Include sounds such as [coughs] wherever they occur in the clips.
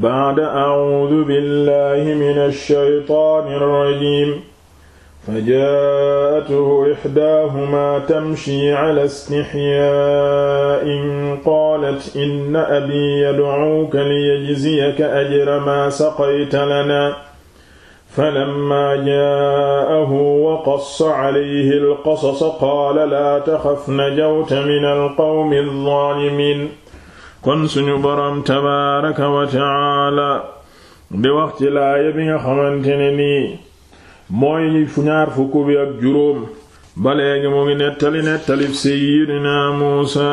ba'da a'uudu billahi mina shaytaani rajiim فجاءته إحداهما تمشي على استحياء قالت إن أبي يدعوك ليجزيك أجر ما سقيت لنا فلما جاءه وقص عليه القصص قال لا تخف نجوت من القوم الظالمين kon suñu boroom tabaaraka wa taala di wax ci bi nga xamante ne nii mooy fu ñaar fukk bi ak juróom ba léegi mu ngi nettali nettali seyyidina muusa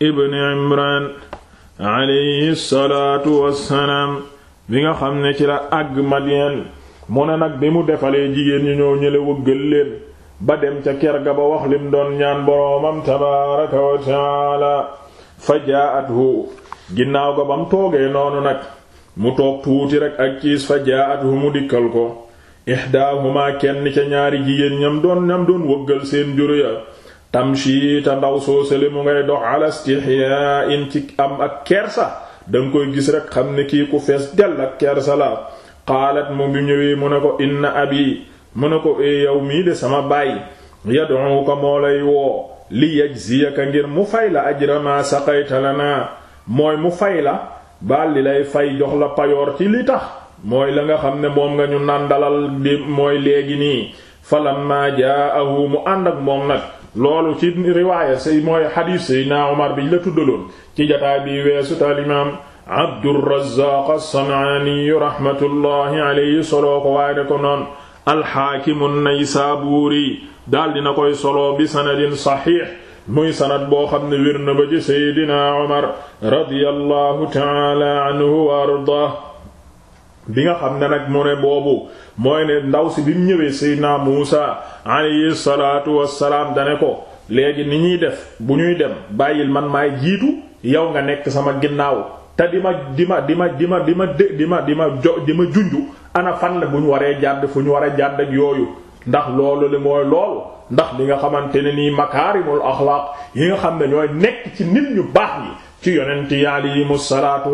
ibn imran alayhi bi nga xam ne ci la àgg madyen mu ne nag bi mu defalee jigéen ñu ñëw ñële wëggal leen ba dem ca ker ba wax doon ñaan boroomam tabaaraka wa taala fa jaa'athu ginnaaw ga ba mu toogee noonu nag mu toog tuuti rek ak ciis fa jaa'athu mu dikkal ko ihdaahuma kenn ca ñaari jigéen ñam doon ñam doon wëggal seen juru ya tamshi ta ndaw soosale mu ngay dox ala in ci am ak kersa danga koy gis rek xam ni kii ku fees dell ak kersa la qaalat mu bi ñëwee mu ne ko inna abi mu ne ko e yow mii de sama baay yad'uka moo lay woo li yajziyaka ngir mu fay la ajra ma saqayta lana mooy mu fay la baal li lay fay jox la payoor ci li tax mooy la nga xam ne moom nga ñu nàndalal bi mooy léegi nii falamma jaahu mu ànd ak moom nag loolu ci riwaaya say mooy xadiis sayna Umar bi la tuddaloon ci jataay bi weesu te alimaam Abdurrazaaq as-Sanaani rahmatullahi alayhi soloo ko waaye ne ko noon alxaakimu naysaabuuri daal dina koy solo bi sanadin saxiix muy sanad boo xam ne wér na ba ci seydina Umar radiyallahu taala wa ardaah bi nga xam ne nag mu ne boobu mooy ne ndaw si bi mu ñëwee seydina Muusa alayhi salaatu wassalaam dane ko léegi ni ñuy def bu ñuy dem bàyyil man maay jiitu yow nga nekk sama ginnaaw te di ma di ma di ma di ma di ma dé ana fan la bu ñu waree jàdd fu ñu war a jàdd ak yooyu ndax loolu li mooy loolu ndax li nga xamante ne nii makaarimul axlaaq yi nga xam ne ñooy nekk ci nit ñu baax yi ci yonent yi alayhimu salaatu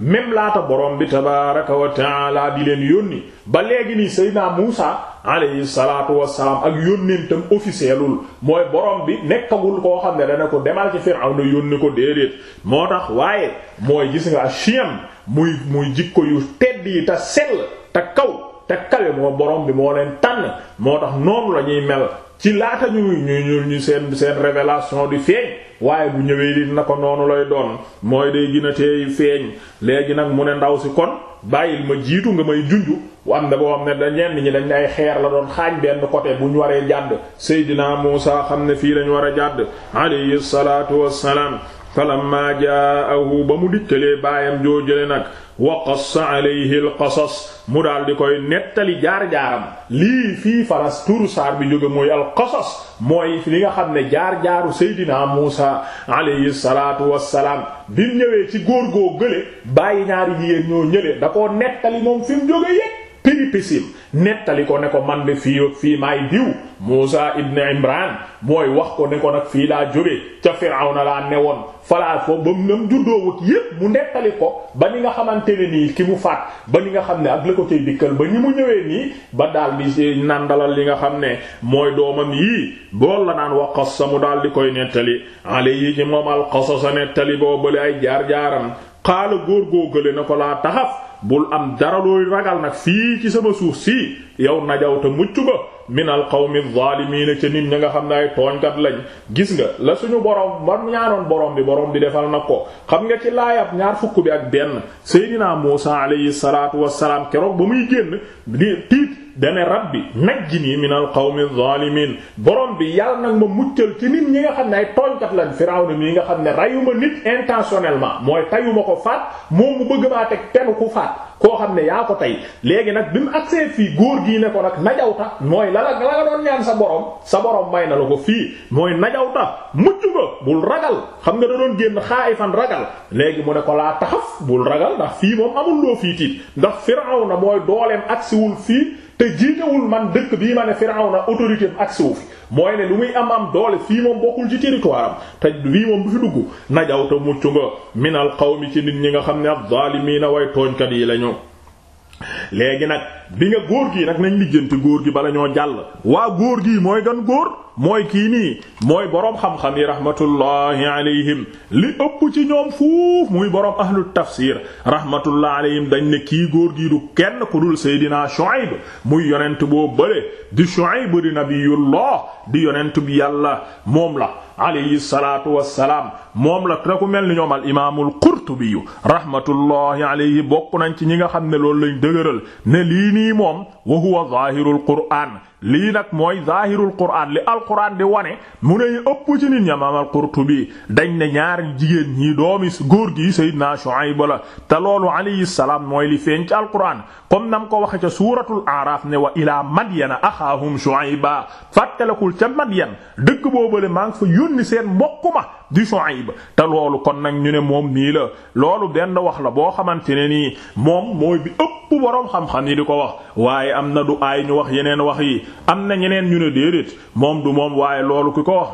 même laata borom bi tabaaraka wa taala leen yónni ba léegi nii Seydina Muusa alayhi salaatu ak yónnentam officielul mooy borom bi nekkagul koo xam ne dana ko demal ci Firawna yónni ko déedéet moo tax waaye mooy gis nga chiem muy muy jikko yu tedd yi te sell te kaw te kawe moo borom bi moo leen tànn moo tax noonu la ñuy mel ci laata ñuy ñu ñu seen seen révélation di feeñ waaye bu ñëwee di na ko noonu lay doon mooy day gën a feeñ léegi nag mu ne ndaw si kon bàyyil ma jiitu nga may junju am na boo xam ne da ñenn ñi dañ ay xeer la doon xaañ benn côté bu ñu waree jàdd Seydina Muusa xam ne fii lañ war a jàdd alayhi salaatu wassalaam falamma jaahu ba mu dikkalee baayam joojale nag wa qassa alayhi al qasas mu daldi koy nettali jaar-jaaram lii fii faras turu bi jóge mooy al qasas mooy li nga xam ne jaar-jaaru seydina Muusa alayhi salaatu wassalaam bi mu ñëwee ci góor goo gële bàyyi ñaari jigéen ñoo ñële da koo nettali moom fi jóge yépp péripéties nettali ko ne ko man de fii ak fii maay diw Muusa ibn Imran mooy wax ko ne ko nag fii laa jóge ca Firawna laa newoon falaa fo ba mu nam juddoowut yépp mu nettali ko ba ni nga xamante ne nii ki mu faat ba ni nga xam ne ak la ko cay dikkal ba ni mu ñëwee nii ba daal di nàndalal li nga xam ne mooy doomam yii bool la naan waqas sa mu daal di koy nettali alayhi ci moom alqasasa nettali boo bale ay jaar-jaaram xaala góor góogale na bul am dara looy ragal nag fii ci sama suuf sii yow najawta mucc ba minal qawmi zaalimiina ca nit ña nga xam ne ay tooñkat lañ gis nga la suñu borom ba ñaanoon borom bi borom bi defal na ko xam nga ci laayab ñaar fukk bi ak benn Seydina Muusa alayhi salaatu wassalaam keroog ba muy génn tiit dane rabbi najjini min al qawmi zalimin borom bi yàlla nag ma muccal ci nit ñi nga xam ne ay tooñkat lan Firawna mi nga xam ne rayuma nit intentionnellement mooy tayuma ko faat moom mu bëgg maa teg tenu ku faat koo xam ne yaa ko tey léegi nag bi mu agsee fii góor gii ne ko nag najawta mooy la la nga doon ñaan sa borom sa borom may na la ko fii mooy najawta mucc nga bul ragal xam nga da doon génn xaayifan ragal léegi mu ne ko laa taxaf bul ragal ndax fii moom amul loo fii tiit ndax Firawna mooy dooleem agsiwul fii te jiitewul man dëkk bii ma ne Firawna autorité am agsi wu mooy ne lu muy am am doole fii moom bokkul ci territoire am te bii moom bu fi dugg najawta mucc nga minal qawmi ci nit ñi nga xam ne ad-zaalimiina way tooñkat yi lañu léegi nag bi nga góor gi nag nañ lijjanti góor gi bala ñoo jàll waa góor gi mooy gën góor mooy kii nii mooy boroom xam-xam yi rahmatullahi alayhim li ëpp ci ñoom fuuf muy boroom ahlu tafsir rahmatullahi alayhim dañ ne kii góor gi du kenn ku dul seydinaa Shuayb muy yonent boo bële di Shuayb di nabiyullah di yonent bi yàlla moom la alayhi salaatu wassalaam moom la te ku mel ni ñoom al imaamul qurtubi rahmatullahi alayhi bokk nañ ci ñi nga xam ne loolu lañ dëgëral ne lii nii moom wa huwa zaahirul qur'aan lii nag mooy zaahirul quraan li alquraan di wane mu ne ñu ëpp ci nit ñi imaam dañ ne ñaari jigéen ñi doomi góor gi Seydina Shuayb la te loolu alayhi salaam mooy li feeñ ci alquraan kom nam ko waxe ca suuratul A'raaf ne wa ilaa Madyana axaahum Shuayba fàttalekul ca Madyan dëkk boobale maa ngi fa yónni seen mbokk ma di Shuayb te loolu kon nag ñu ne moom nii la loolu benn wax la boo xamante ne nii moom mooy bi ëpp boroom xam-xam yi di ko wax waaye am na du ay ñu wax yeneen wax yi am na ñeneen ñu ne déedéet moom du moom waaye loolu ki ko wax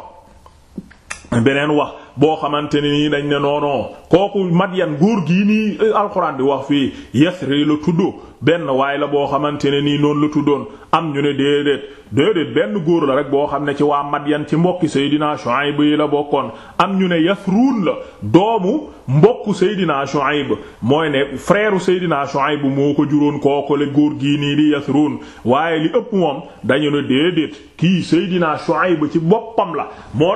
beneen wax boo xamante ne nii dañ ne noonoo kooku Madyan góor gii nii eh, alxuraan di wax fii Yasri la tudd benn waay la boo xamante ne nii noonu la tuddoon am ñu ne déedéet déedéet benn góor la rek boo xam ne ci waa Madyan ci mbokki Seydina Shuayb yi la bokkoon am ñu ne ruun la doomu mbokku Seydina Shuayb mooy ne frère Seydina Shuayb moo ko juróon kooku la góor gii nii di ruun waaye li ëpp moom dañu ne déedéet kii Seydina Shuayb ci boppam la moo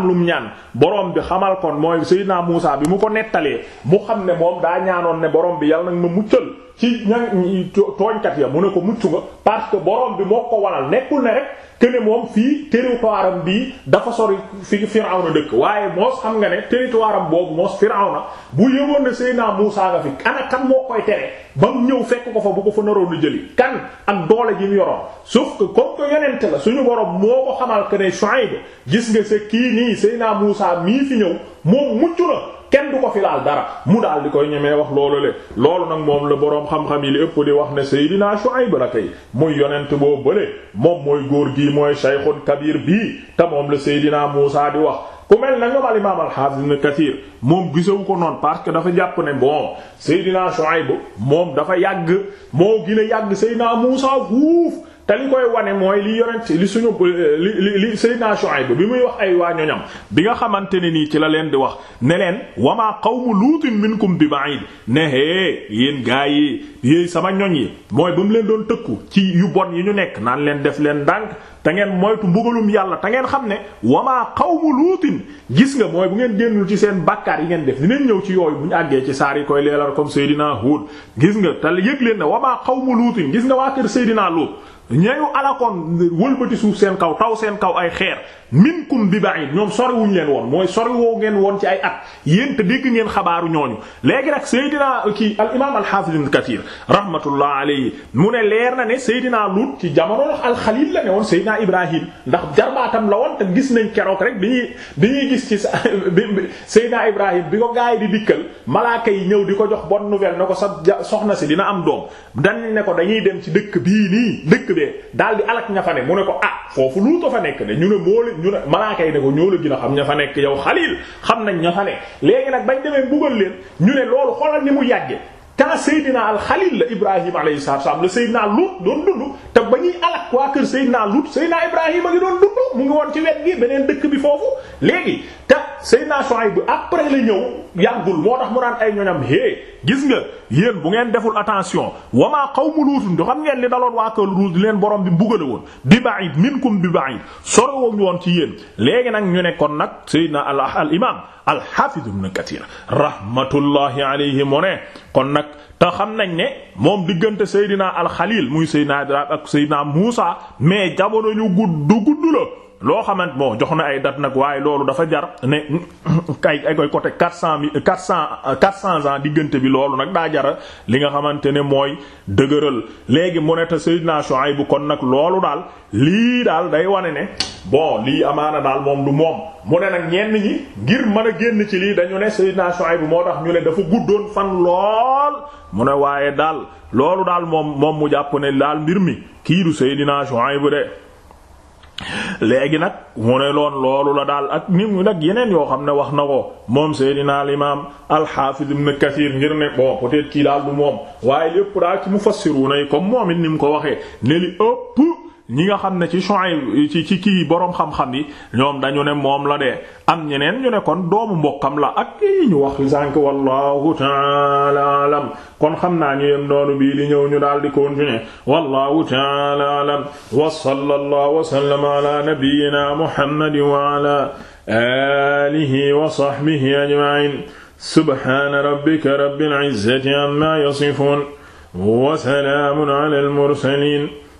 am lum ñaan borom bi xamal kon mooy naa Muusa bi mu ko nettalee mu xam ne moom daa ñaanoon ne borom bi yàlla nag ma muccal ci ña tooñkat ya mu ne ko mucc nga parce que borom bi moo ko waral nekkul ne rek que moom fii territoire am bii dafa sori fi Firawna dëkk waaye moos xam nga ne territoire am boobu moos Firawna bu yëgoon ne Seydina Muusaa nga fi ana kan moo koy tere ba mu ñëw fekk ko fa bu ko fa naroon lu jëli kan ak doole ji mu yoroon sauf que comme que yonent la suñu borom moo ko xamal que ne Shuayb gis nga sa kii nii naa Muusaa mii fi ñëw moom mucc la kenn du ko fi laal dara mu daal di koy ñemee wax loolu le loolu nag moom la boroom xam-xam yi li ëpp di wax ne Seydina Shuayb la kay muy yonent boo bële moom mooy góor gii mooy shaykhun kabir bii te moom la Seydina Muusaa di wax ku mel na ñoom al imaam al-Hafiz Ibn Kathir moom gisewu ko noonu parce que dafa jàpp ne bon Seydina Shuayb moom dafa yàgg moo gën a yàgg Seydina Muusaa fuuf te li koy wane mooy li yonent li suñu li li li Seydina Shuayb bi muy wax ay waa ñoñam bi nga xamante ne nii ci la leen di wax ne leen wamaa qawmu luutin minkum bi ba'id ne hee yéen yi sama ñoñ yi mooy ba mu leen doon tëkku ci yu bon yi ñu nekk naan leen def leen ndànk te ngeen moytu mbugalum yàlla te ngeen xam ne wamaa qawmu luutin gis nga mooy bu ngeen génnul ci seen bàkkaar yi ngeen def leen ñëw ci yooyu bu ñu àggee ci saar yi koy leeral comme Seydina Hud gis nga te yëg leen ne wamaa qawmu luutin gis nga waa kër Seydina Luut ñeewu alakoon wëlbati suuf seen kaw taw seen kaw ay xeer minkum bi ba'id ñoom soriwuñ leen woon mooy soriwoo ngeen woon ci ay at yéen te dégg ngeen xabaaru ñooñu léegi nag Seydina kii al imaam al hafiz ibn Kathir rahmatullah alayhi mu ne leer na ne Seydina Lut ci jamono al Xalil la ne woon Seydina Ibrahim ndax jarbaatam la woon te gis nañ keroog rek bi dañuy gis ci [laughs] Seydina Ibrahim bi ko gaay di dikkal malaaka yi ñëw di ko jox bon nouvelle ne ko sa soxna si dina am doom dañ ne ko dañuy dem ci dëkk bii nii dëkk bee daal di alak ña fa mu ne ko ah foofu Lut fa nekk ñu ne ñu ne malaaka yi ne ko ñoo la gën a xam ña fa nekk yow xalil xam nañ ña fa nekk léegi nag bañ demee mbugal leen ñu ne loolu xoolal ni mu yàgge tant Seydina al Xalil la Ibrahim alayhi salaam la Seydina Lut doon dund te ba ñuy alak waa kër Seydina Lut Seydina Ibrahim a ngi doon dund mu ngi woon ci wet gi beneen dëkk bi foofu léegi te Seydina Shuayb bu après la ñëw yàggul moo tax mu naan ay ñoñam hé gis nga yéen bu ngeen deful attention wamaa qawmu luutun di xam ngeen li daloon waa kër Luut di leen borom bi mbugale woon di ba ba'id minkum bi ba'id sorowuñ woon ci yéen léegi nag ñu ne kon nag Seydina al imam al hafiz ibn Kathir rahmatullahi alayhi mu ne kon nag te xam nañ ne moom diggante Seydina al Khalil muy Seydina Ibrahim ak Seydina Muusa mais jamono ñu gudd gudd la loo xamante bon jox na ay dat nag waaye loolu dafa jar ne [coughs] kay ay koy côté quatre cent mille quatre cent quatre cent ans diggante bi loolu nag daa jara li nga xamante ne mooy dëgëral léegi mu ne te Seydina Shuayb bu kon nag loolu daal lii daal day wane ne bon lii amaana daal moom du moom mu ne nag ñenn ñi ngir man a génn ci lii dañu ne Seydina Shuayb bu moo tax ñu ne dafa guddoon fan lool mu ne waaye daal loolu daal moom moom mu jàpp ne daal mbir mi kii du Seydina léegi nag mu ne loon loolu la daal ak ni mu nag yeneen yoo xam ne wax na ko moom Seydina al imaam al-Hafiz ibn Kathir ngir ne bon peut-être kii daal du moom waaye lépp daal ci mufassiruna yi comme moom it ni ko waxee ne li ëpp ñi nga xam ne ci Shuayb ci ci kii boroom xam-xam yi ñoom dañu ne moom la de am ñeneen ñu ne kon doomu mbokkam la ak yi ñu wax sànk wallahu ta'ala alam kon xam naa ñu yem doonu bii di ñëw ñu daal di continuer wallahu ta'ala alam wa sallallahu wa sallama ala nabiyyina muhammadin wa ala alihi wa sahbihi ajma'in subhana rabbika rabbil izzati amma yasifun wa salamun ala al mursalin